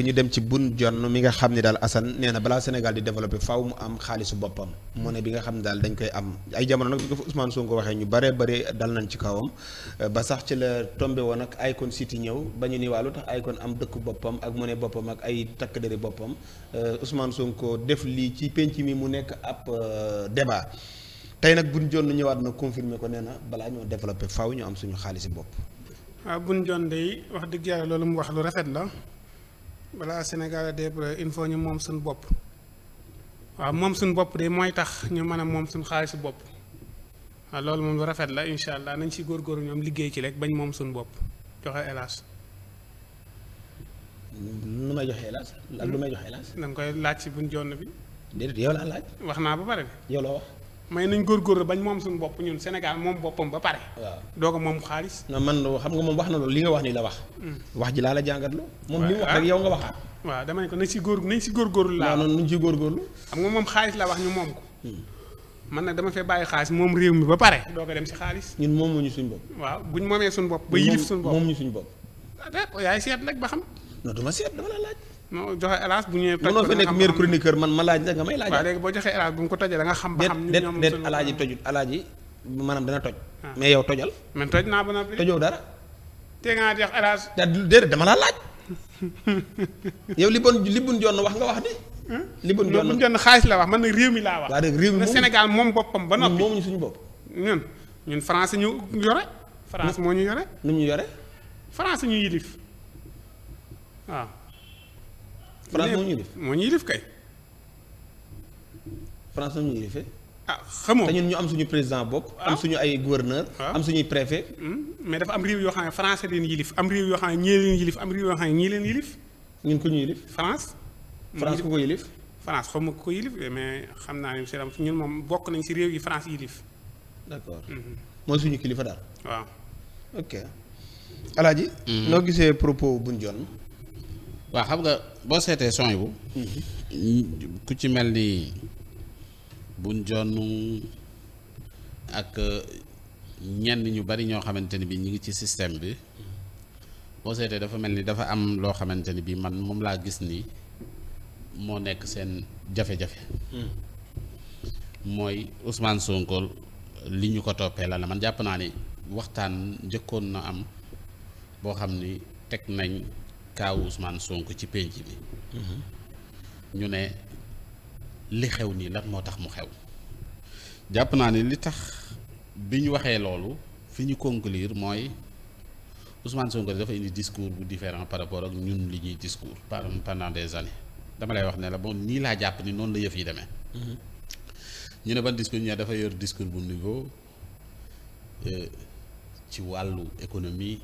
ñu dem ci bun jonn mi nga xam ne daal Assane nee na balaa Sénégal di développé faaw mu am xaalisu boppam mu bi nga xam ne daal dañ koy am ay jamono nag bi ko waxee ñu bare bare dal nañ ci kawam ba sax ci la tombé woon ak Icon City ñëw ba ñu ni waa lu tax Icon am dëkk boppam ak mu boppam ak ay takk deri boppam euh, Ousmane Sonko def lii ci penc mi mu nekk ab euh, débat tey nag bun jonn ñëwaat na confirmer ko nee na balaa ñoo développé faaw ñu am suñu xaalisi bopp. Ah, wax dëgg yàlla loolu mu wax lu rafet la. balaa Sénégal de il faut ñu moom suñu bopp waaw moom suñu bopp de mooy tax ñu mën a moom suñu xaalisu bopp waaw loolu moom lu rafet la incha allah nañ si góorgóorlu ñoom liggéey ci rek bañ moom suñu bopp joxe hélas. nu may joxe hélas. lan lu may joxe hélas. da nga koy laaj si buñ jonn bi. déedéet yow laa laaj. wax naa ba pare. yow loo may nañ góor góorgóorlu bañ moom suñu bopp ñun Sénégal moom boppam ba pare. waaw doog a moom xaalis. na man xam nga moom wax na loolu li nga wax ni la wax. Hmm. wax ji laa la jàngat lu moom li rek yow nga waxaat. waaw dama ne ko nañ si góor nañ si góorgóorlu. laa noonu nuñ si góorgóorlu. xam nga moom xaalis la wax ñu moom ko. Hmm. man nag dama fee bàyyi xaalis moom réew mi ba pare. doog ko dem si xaalis. ñun moom ñu suñ bopp. waaw bu buñ moomee suñu bopp. ba yilif suñu bopp ñu suñu bopp. Ah, yaay seet nag ba xam. non duma seet dama la laaj non joxe hélas bu ñëwee. mënoo fi nekk meilleur ma laaj la nga may laaj. waaw léegi boo joxee hélas bu mu ko tojee da nga xam. ba xam ñun ñoom toj. Ah. mais yow tojal. man toj naa ba noppi. tojoo dara. tey nga dama laa laaj. yow li bon li bun jonn wax nga wax de. Hmm? li bun jonn li bun jonn xaalis la wax man nag réew mi laa wax. waaw réew mi moom ba noppi. moomuñu suñu bopp. ñun ñun France ñu yore. France moo ñu yore. nu ñu yore. France ñu yilif France moo moo ñu yilif kay. France moo ñu ah, ñun ñu am suñu président bopp. Ah. suñu ay gouverneur ah. am suñuy préfet. Hmm? mais dafa am réew yoo xam ne français leen yilif am réew yoo xam ne ñii leen yilif am leen yilif. ñun ku ñu yilif. France. France ku ko yilif. France xaw ma ku ko yilif mais xam naa ne si ñun moom bokk nañ si réew yi France yilif. d'accord hmm. mooy suñu kilifa daal. waaw. ok. Alaaji. Hmm. noo gisee propos buñ joon waa xam nga boo seetee son bu ku ci mel ni buñ jonn ak euh, ñenn ñu bari ñoo xamante ni bi ñu ngi ci système bi boo seetee dafa mel ni dafa am loo xamante ni bi man moom laa gis ni moo nekk seen jafe-jafe mooy usmaan Sonko li ñu ko toppee la la man jàpp naa ni waxtaan njëkkoon na am boo xam ni teg nañ kaawu Ousmane Sonko ci pénc bi mhm. ñu ne li xew nii lan moo tax mu xew jàpp naa ni li tax bi ñu waxee loolu fi ñu conclure mooy Ousmane Sonko dafa indi discours bu différent par rapport ak ñun li ñuy discours pendant des années dama lay wax ne la bon nii laa jàpp ni noonu la yëf yi demee mhm. ñu ne ban discours ñu dafa yor discours bu niveau euh, ci wàllu économie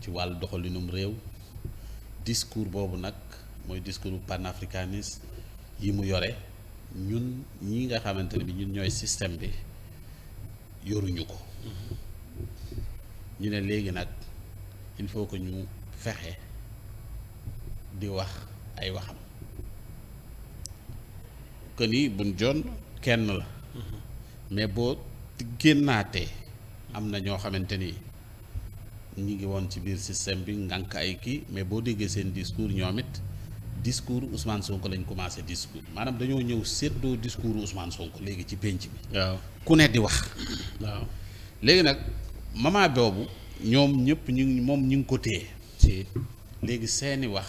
ci wàllu doxalinum réew discours boobu nag mooy discours panafricaniste yi mu yore ñun ñi nga xamante ne bi ñun ñooy système bi yoruñu ko ñu ne léegi nag il faut que ñu fexe di wax ay waxam que ni buñ jon kenn la mm-hmm. mais boo naa génnaatee am na ñoo xamante ni ñu ngi woon ci biir système bi ngànk ay kii mais boo déggee seen discours ñoom it discours Ousmane Sonko lañ commencé discours maanaam dañoo ñëw séddoo discours Ousmane Sonko léegi ci pénc bi. waaw ku ne di wax. waaw léegi nag mama boobu ñoom ñëpp ñu moom ñu ngi ko téye. léegi seeni wax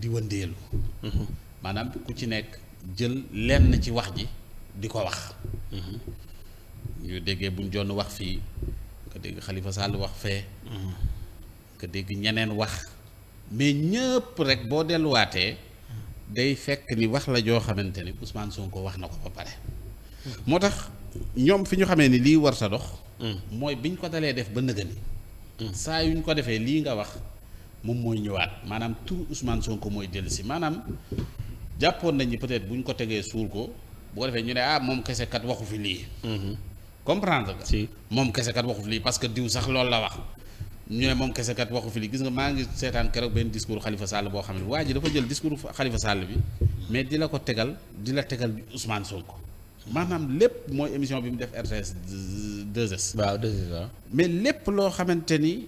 di wëndeelu. Mm-hmm. maanaam ku ci nekk jël lenn ci wax ji di ko wax. Mm-hmm. ñu déggee buñ joon wax fii. dégg Khalifa Sall wax fee mm-hmm. nga dégg ñeneen wax mais ñëpp rek boo delluwaatee day fekk ni wax la joo xamante ni Ousmane Sonko wax na ko ba pare mm-hmm. moo tax ñoom fi ñu xamee ni lii war sa dox mm-hmm. mooy biñ ko dalee def ba nëgëni saa yuñ ko defee lii nga wax moom mooy ñëwaat maanaam tout Ousmane Sonko mooy dellu si maanaam jàppoon nañ ni peut-être bu ñu ko tegee suul ko bu defee ñu ah moom kese kat waxu fi lii comprendre nga. si moom kese kat waxu fi parce que diw sax loolu la wax. ñu ne moom kese kat waxu fi lii gis nga maa ngi seetaan keroog benn discours Khalifa Sall boo xam ne waa ji dafa jël discours Khalifa Sall bi mais di ko tegal di la tegal Ousmane Sonko maanaam lépp mooy émission bi mu def RTS 2S. waaw lépp loo xamante ni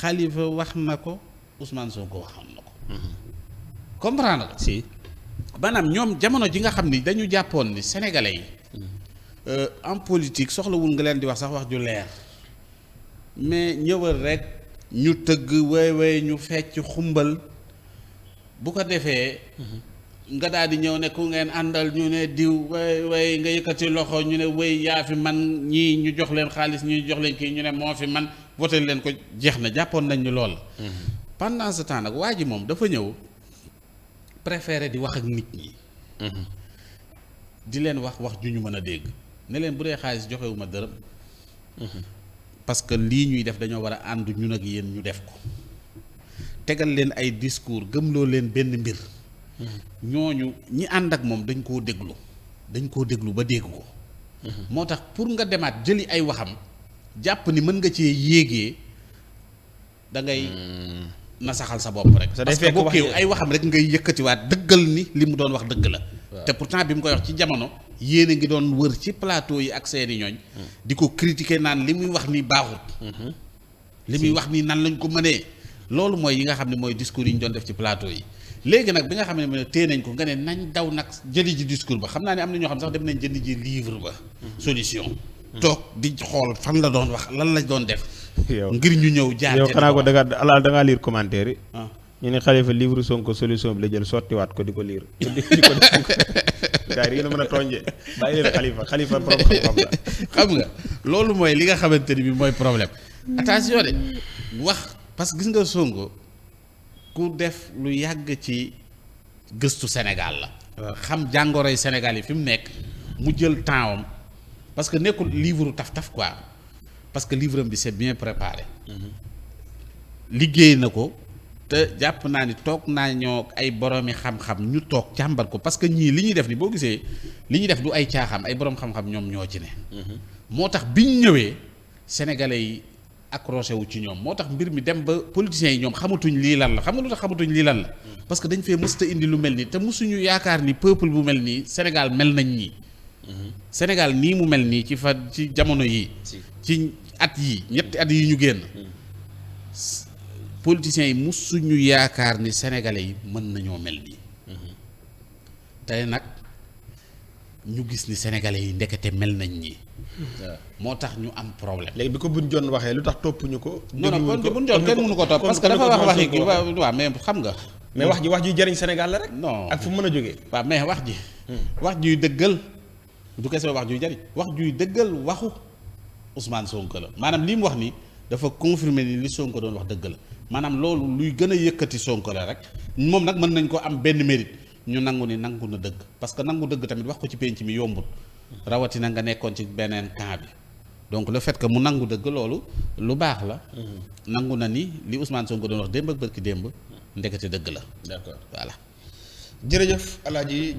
Khalifa wax na ko Ousmane ko waxoon na ko. Mhm. comprendre nga. si maanaam ñoom jamono ji nga xam ni dañu jàppoon ni sénégalais yi. Euh, en politique soxlawul nga leen di wax sax wax ju leer mais ñëwal rek ñu tëgg way way ñu fecc xumbal bu ko defee nga daal di ñëw ne ku ngeen àndal ñu ne diw way way nga yëkkati loxo ñu ne way yaa fi man ñii ñu jox leen xaalis ñii jox leen kii ñu ne moo fi man voté leen ko jeex na jàppoon nañ ñu lool pendant ce temps nag waa ji moom dafa ñëw préféré di wax ak nit ñi mhm. di leen wax wax ju ñu mën a dégg ne leen bu dee xaalis joxewu ma dërëm mhm. parce que lii ñuy def dañoo war a ànd ñun ak yéen ñu def ko tegal leen ay discours gëmloo leen benn mbir mhm. ñooñu ñi ànd ak moom dañ koo déglu dañ koo déglu ba dégg ko mhm. moo tax pour nga demaat jëli ay waxam jàpp ni mën nga cee yéegee dangay ngay hmm. nasaxal sa bopp rek parce que bokkee ay waxam rek ngay yëkkatiwaat dëggal ni li mu doon wax dëgg la te pourtant bi mu koy wax ci jamono yéen a ngi doon wër ci plateau yi ak seeni ñooñ di ko critiquer naan li muy wax ni baaxut mhm. li muy wax ni nan lañ ko mënee loolu mooy yi nga xam ne mooy discours yi ñu doon def ci plateau yi léegi nag bi nga xam ne mu ne nañ ko nga ne nañ daw nag jëli ji discours ba xam naa ne am na ñoo xam sax dem nañ jënd ji livre ba mhm. solution mhm. toog di xool fan la doon wax lan la doon def ngir ñu ñëw jaar yow xanaa ko da nga alaal commentaire yi ah. ñu ne Xalifa livre Sonko bi la jël sottiwaat ko di ko lire gars yi da ngeen mën a tooñjee bàyyi leen xalifa xalifa borom xam-xam nga loolu mooy li nga xamante ni bi mooy problème hmm. attention de wax parce que gis nga Sonko ku def lu yàgg ci gëstu Sénégal la. xam jàngoroy Sénégal yi fi mu nekk mu jël temps am parce que nekkul livre taf-taf quoi parce que livre am bi c'est bien préparé. Mhm. liggéey na ko. te jàpp naa ni toog naa ñoo ay boroomi xam-xam ñu toog càmbar ko parce que ñii li ñuy def ni boo gisee li ñuy def du ay caaxam ay boroom xam-xam ñoom ñoo ci ne. Mhm. moo tax bi ñu ñëwee sénégalais yi accroché wu ci ñoom moo tax mbir mi dem ba politiciens yi ñoom xamatuñ lii lan la xam nga lu xamatuñ lii lan la. Mhm. parce que dañ fee mës ta indi lu mel nii te mësuñu yaakaar ni peuple bu mel nii Sénégal mel nañ nii. Mhm. Sénégal nii mu mel nii ci fa ci jamono yii. ci at yi ñetti at yi ñu génn. politiciens yi suñu yaakaar ni sénégalais yi mën nañoo mel nii tey nag ñu gis ni sénégalais yi ndekete mel nañ ñi moo tax ñu am problème. léegi bi ko buñ joon waxee lu tax topp ñu ko. non non kon buñ kenn mënu ko topp parce que dafa wax waxi waaw mais xam nga. mais wax ji wax ji jariñ Sénégal la rek. non ak fu mu mën a jógee. waaw mais wax ji. Hmm. wax juy dëggal du kese wax juy jëriñ. wax juy dëggal waxu Ousmane Sonko maanaam lii mu wax nii. dafa confirmer ni li Sonko doon wax dëgg la maanaam loolu luy gën a yëkkati Sonko la rek moom nag mën nañ ko am benn mérite ñu nangu ni nangu na dëgg parce que nangu dëgg tamit wax ko ci penc mi yombul rawatina nga nekkoon ci beneen camp bi donc lu fait que mu nangu dëgg loolu lu baax la. Mm-hmm. nangu na ni li Ousmane Sonko doon wax démb ak bërki démb ndekete dëgg la. d'accord voilà jërëjëf Alaaji